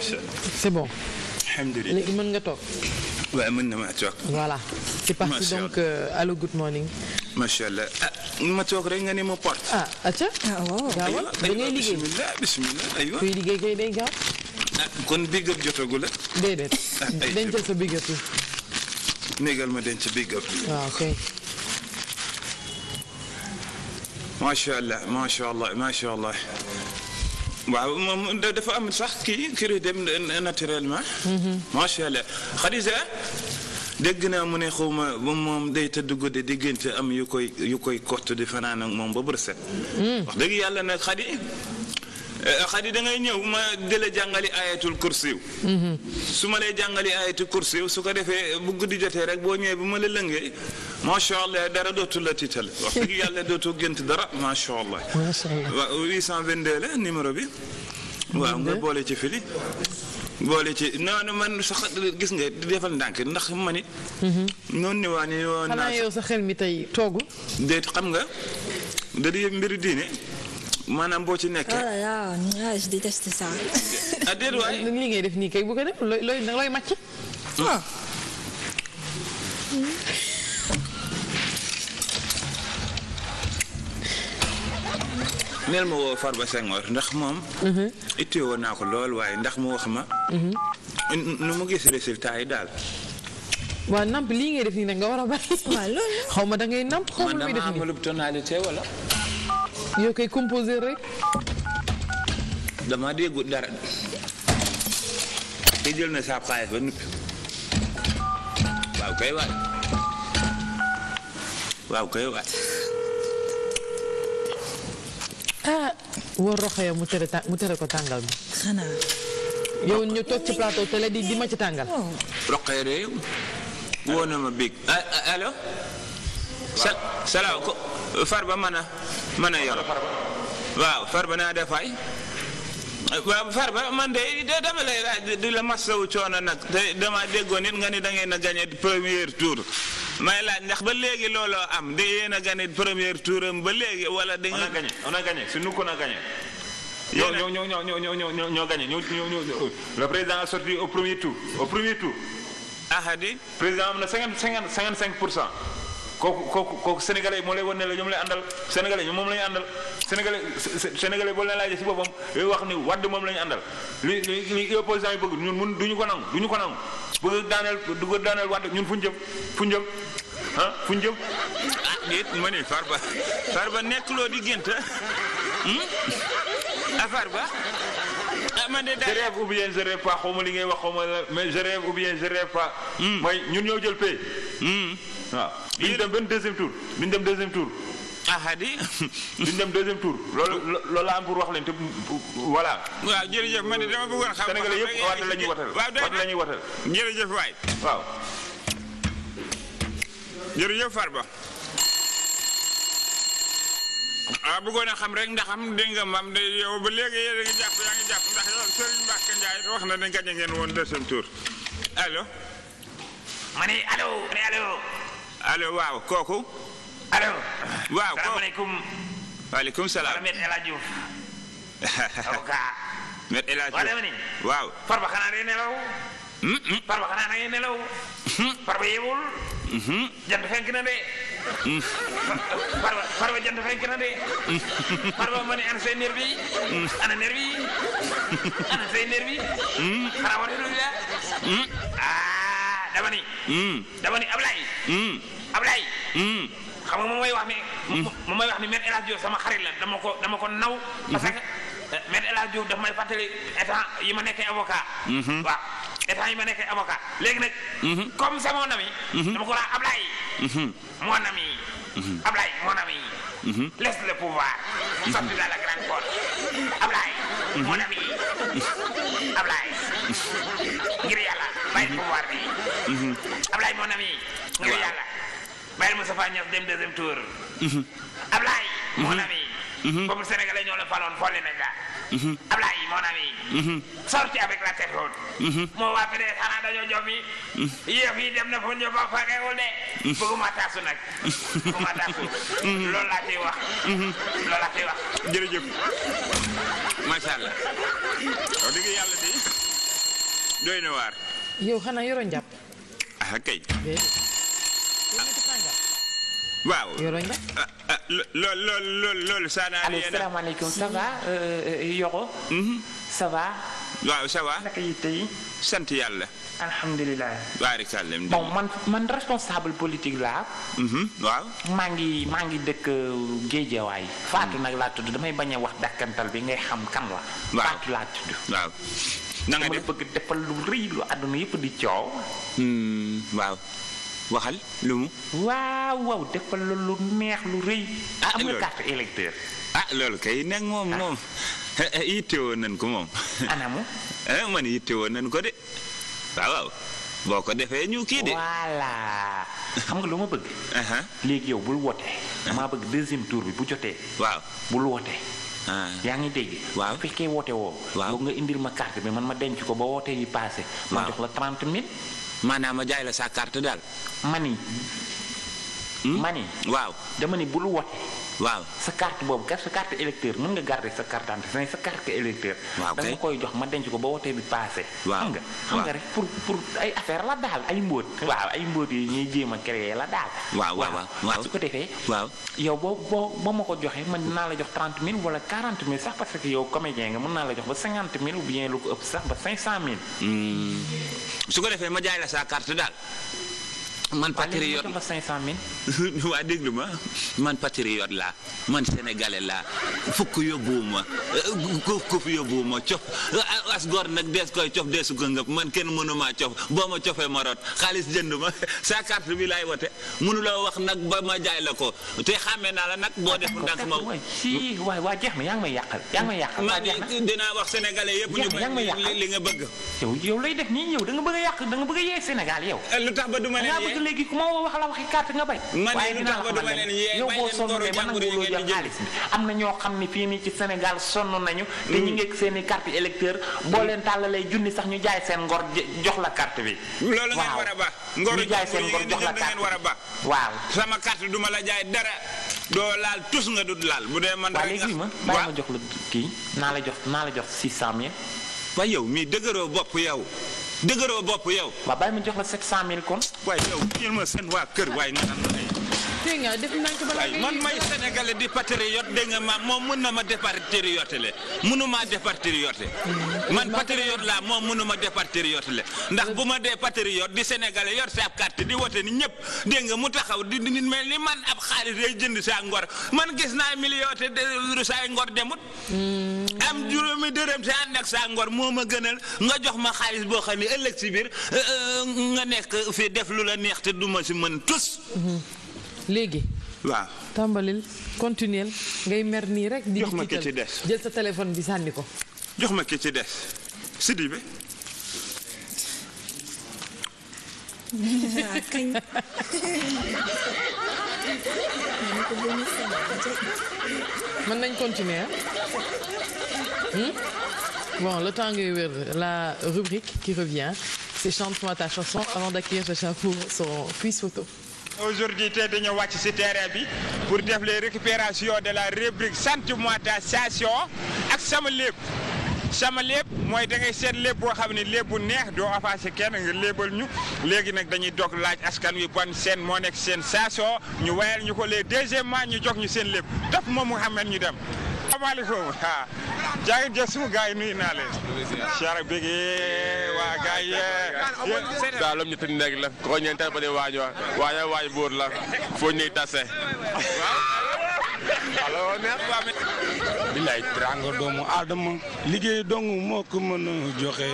c'est bon. alhamdulilah léegi mën nga toog. waaw mën na maa toog. voilà c'est parti donc euh, allo good morning. macha allah ah ma toog rek nga ne ma porte. ah atia. ah waaw gaawal da ngay liggéey bisimilah bisimilah aywa. kuy liggéey kay day gaaw. ah kon big up jotagu la. déedéet. ah ay dencal sa big up yi. néegal ma denc big up. waaw ah, kay. macha allah macha allah macha allah. waaw moom dafa am sax kii kiri dem naturellement. macha allah Khadija dégg naa mu ne xaw ma moom day tëdd guddi diggante am yu koy yu koy kott fanaan ak moom ba bërëset. Hmm. wax dëgg yàlla nag xadi eh, da ngay ñëw ma di la jàngali ayatul kursiw mhm. su ma lay jàngali ayatul kursiw su ko defee bu di jotee rek boo ñëwee bu ma la lëngee macha allah dara dootu la tiital wax dëgg yàlla dootu gënt dara macha allah waaw 822 la numéro bi waaw nga boole ci fili boole ci noonu man sax gis nga defal ndànk ndax man it mhm. noonu sa xel mi tey toogu déet xam nga da di mbiri diine maanaam boo ci nekkee. Oh, ah waaw def nii bu ko def looy looy looy màcc. ah. neel ma ndax moom. Mhm. ittee woon naa ko lool waaye ndax mu wax ma. Mhm. nu mu gis résultat yi daal. waaw namp lii ngay def nii nag nga war a bari. waaw loolu xaw ma da ngay namp xaw ma lu muy def nii man damaa amalub tonalité wala. yoo koy composer rek. dama déggu dara. te jël na sa xaalis ba noppi. waaw kay waat. waaw kay waat. ah. wóor roxee mu tere ta mu tere ko tàngal bi. yow ñu toog ci plateau télé di di ma ci tàngal. Oh. roxee de woo na ma bég ah, ah, allo. salaw far ba mën a man a yor waaw farba naa defaay waaw ba man de dama lay laaj di la masawu coono nag te dama déggoon nit nga ni da ngeen a gagné premier tour may laaj ndax ba léegi looloo am de yéen a gagné premier tour am ba léegi wala da ngeen. on a gagné si nous qu'on a gagné. yéen a ñoo ñoo ñoo ñoo ñoo ñoo ñoo gagné ñoo ñoo le président a sorti au premier tour ahadi président am na cinquante cinquante cinq pour cent. kooku kooku kooku sénégalais moo lay wan ne la ñoom lay àndal sénégalais moom la ñu àndal sénégalais sénégalais boo leen laajee si boppam wax ni wadd moom la ñu àndal li li li opposants bëgg ñun mun du ñu ko nangu du ñu ko nangu bëgg daaneel du ko daaneel wadd ñun fu ñu jëm fu ñu jëm ah fu ñu jëm ah déet ma ne Farba di gént hmm? ah Farba ah, man de daal je rêve ou bien je pas xaw li ngay wax xaw ma la mais je ou bien je pas. mooy ñun ñoo jël paie. Hmm. waaw bi ñu dem benn deuxième tour bi ñu dem deuxième tour. Ah, di dem deuxième tour loolu loolu am pour wax leen te voilà. waaw jërëjëf man de dama bëggoon xam. Sénégalais yëpp waat la ñuy waay. waaw. jërëjëf Farba. Ah, xam rek ndax am dégg nga maam de yow ba léegi yéen ngi jàpp yaa ngi jàpp ndax yow Serigne Mbacke Ndiaye wax na ne gañe ngeen woon deuxième tour allo. ma ne allo. ma ne allo. alo waaw kooku. allo. waaw kooku salaamaaleykum. waaleykum salaam. wala Me waaw Farba xanaa day nelaw. Mm, mm. Farba xanaa day nelaw. Mm-hmm. Farba yeewul. Mm-hmm. jant fenk na de. Mm. Farba Farba jant fenk na de. ana say ana nerf yi. ana say nerf yi. xanaa wala ah, dama ni. dama ni Ablaye. Hmm. xam nga moom mooy wax ni. Hmm. moom mooy wax ni Me El sama xarit la dama ko dama ko naw. Hmm. parce que eh, Me El Hadji Diouf daf may fàttali état yi ma nekkee avocat. waaw état yi ma nekkee avocat léegi nag. comme c'est mon ami. dama ko wax Ablaye. mon ami. Ablaye mon ami. laisse le pouvoir. sorti dans la grande porte. Ablaye. mon ami. Ablaye. ngir yàlla bàyyi pouvoir bi. Ablaye mon ami. ngir yàlla. Baye Moustapha Niass dem deuxième tour. Mhm. Ablaye. Mhm. mon ami. Mhm. peuple sénégalais ñoo la faloon folli nañ la. Ablaye mon ami. sorti avec la tête haute. moo waa PDS xanaa dañoo jommi. yëf yi dem na fa ñu ba fagewul de. bëgguma taasu nag. bëgguma taasu. loolu laa ciy wax. loolu laa ciy wax. jërëjëf macha allah wax dëgg yàlla de doy na waar. yow xanaa yoro njàpp. ah kay. waaw yoro ñu ah loolu loolu ça n'a rien asalaamaaleykum ça va waaw ça va yitte yi sant yàlla alhamdulilah baarikàlla man man responsable politique laa mm-hmm, waaw maa ngi maa ngi dëkk euh, géejawaay mm-hmm. faatu nag laa tudd damay bañ a wax dàkkantal bi ngay xam kan la faatu laa tudd waaw na nga bëgg defal lu rëy lu àdduna yëpp di coow hmm, waaw waxal lu mu. waaw waaw defal la lu neex lu rëy. ah am nga carte électeur. ah loolu kay nag moom ah. moom eh, eh, yittewoon nañ ko moom. anamu. Eh, man yittewoon nañ ko de waaw boo ko defee ñu kii de. voilà xam nga lu ma bëgg. léegi yow bul woote. maa bëgg deuxième tour bi bu jotee. waaw bul woote. Ah. yaa ngi dégg. waaw bu fekkee woote woo. waaw nga indil ma carte bi man ma denc ko ba woote yi paase. ma jox la trente mille. maanaam ma jaay la sa carte daal. mani. Hmm? mani waaw dama ni bul wote. waaw sa carte boobu kat sa carte mën nga garder sa carte d'identité mais sa carte électeur waaw da nga koy jox ma denc ko ba wotee bi passé xam nga xam nga rek pour pour ay affaire la daal ay mbóot waaw ay mbóot yi ñuy jéem a créer la daal waaw waaw waaw su ko defee waaw yow boo boo ba ma ko joxee man naa la jox 30 mille wala 40 000 sax parce que yow comédien nga mën naa la jox ba 50 000 ou bien lu ko ëpp sax ba 500 000 hmm. su ko defee ma jaay sa carte daal man patriote waa déglu ma man patriote la man sénégalais laa fukk yóbbuwuma kuf eh, kuf yóbbuwuma cof eh, as gor nag dees koy cof deesu ko ngëp man kenn mënuma cof boo ma cofee ma rot xaalis jënd ma sa carte bi laay wote mënula wax nag ba ma jaay la ko te xamee naa la nag boo def ndànk ma waay waa jeex na yaa ngi may yàqal yaa ngi may yàqal man dinaa wax sénégalais yëpp ñu bañ li nga bëgg yow yow lay def nii yow da nga bëgg a yàq da nga bëgg a yee Sénégal yow eh, lu tax ba du ma leen que léegi ku ma wax la waxi carte nga bay. waaye dinaa la xamal ne yow boo sonnee ba nangu loo jël xaalis am na ñoo xam ne fii nii ci Sénégal sonn nañu. te ñu mm. ngeeg seen i carte électeur boo leen tàllalee junni sax ñu jaay seen ngor jox la carte bi. loolu ngeen war a ba ngor ñu jaay seen ngor jox la carte waaw sama carte duma la jaay dara. doo laal tus nga dut laal bu dee man. waaw léegi ma bàyyi ma jox la kii naa la jox naa la jox si cent mille. waaye yow mii dëgëroo bopp yow. dëgëroo bopp yow. waaw bàyyi ma jox la 700000 kon. waaye yow jël ma seen waa kër waaye ñu naan la ay. dégg nga def nañ ko balaa ngay man may sénégalais di patriote dégg nga moom mën na ma dépatriote le mënuma dépatriote hmm. man patriote laa moom mënuma dépatriote le ndax bu ma dee patriote di sénégalais yor sa carte di wote ni ñëpp dégg nga mu taxaw di nit mel ni man ab xaalis day jënd saa ngor man gis naa miliyoote de saa ngor demut hmm. am juróomi dërëm si ànd ak saa ngor moo ma gënal nga jox ma xaalis boo xam ni ëllëg si biir euh, euh, nga nekk fi def lu la neex te duma si mën tus hmm. léegi. waaw tàmbalil continuer ngay mer nii rek. di jox ma ki ci des jël sa téléphone bi sànni ko. jox ma ki ci des Sidibé. nañ continuer hmm? bon le temps ngay wér la rubrique qui revient c'est chante-moi ta chanson avant d'accueillir chacun pour son quiz photo aujourd'hui tey dañoo wàcc ci terrain bi pour def les récupérations de la rubrique mois ta station ak sama lépp sama lépp mooy da ngay seet lépp boo xam ne lépp neex doo offensé kenn nga léebal ñu léegi nag dañuy dog laaj askan wi ban seen moo nekk seen station ñu wayal ñu ko les deuxièmement ñu jox ñu seen lépp daf moom mu xam ñu dem asalaamaaleykum ah jaagir jëf suñu gars yi nuyu naa waa gars yi. Eh. daa lom ñu la ko ñeen tal ba dee waajo waaye buur la foo ñuy tase. alors neex doomu aadama liggéey dong moo ko mën joxe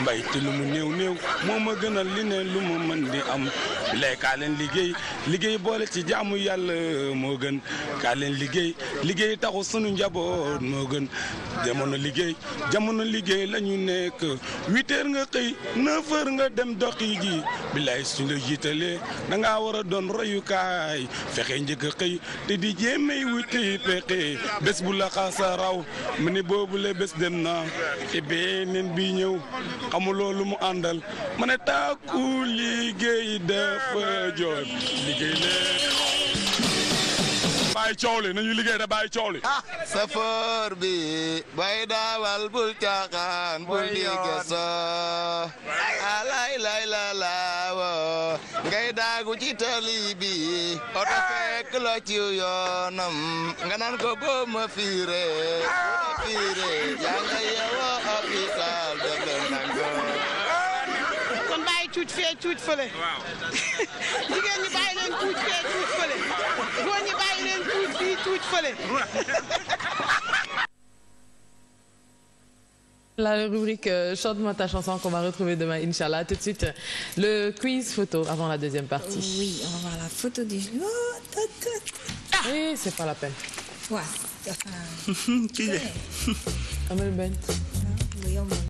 mbay te lu mu moo ma gënal li ne lu ma di am bilaay kaa leen liggéey liggéey boole ci jaamu yàlla moo gën kaa leen liggéey liggéey taxu sunu njaboot moo gën jamono liggéey jamono liggéey lañu ñu nekk huit nga xëy neuf nga dem doxi gi bilaay suñ la jiitalee da ngaa war a doon royukaay fexe njëkk a xëy te di jéemay wuti pexe bés bu la xaasa raw mu ne boobu la bés dem na te beneen bi ñëw xamuloo lu mu àndal ma ne taaku liggéey de jëf jëf liggéey leen. bàyyi coow li nañu da bàyyi coow ah. safoor bi bay daawal bul caaxaan bul liggéey soo alay lay la ngay daagu ci tali bi oto fekk la ci nga naan ko boo ma fiire boo ma fiire yaa nga yeewoo hôpital de cuuj fee cuuj fële. waaw jigéen ñi bàyyi leen cuuj fee cuuj fële góor ñi bàyyi leen cuuj fii cuuj fële. La rubrique euh, Chante-moi ta chanson qu'on va retrouver demain, Inch'Allah. Tout de suite, le quiz photo avant la deuxième partie. Oui, on va voir la photo du jour. Ah Et c'est pas la peine. Ouais. Enfin... Qui est Amel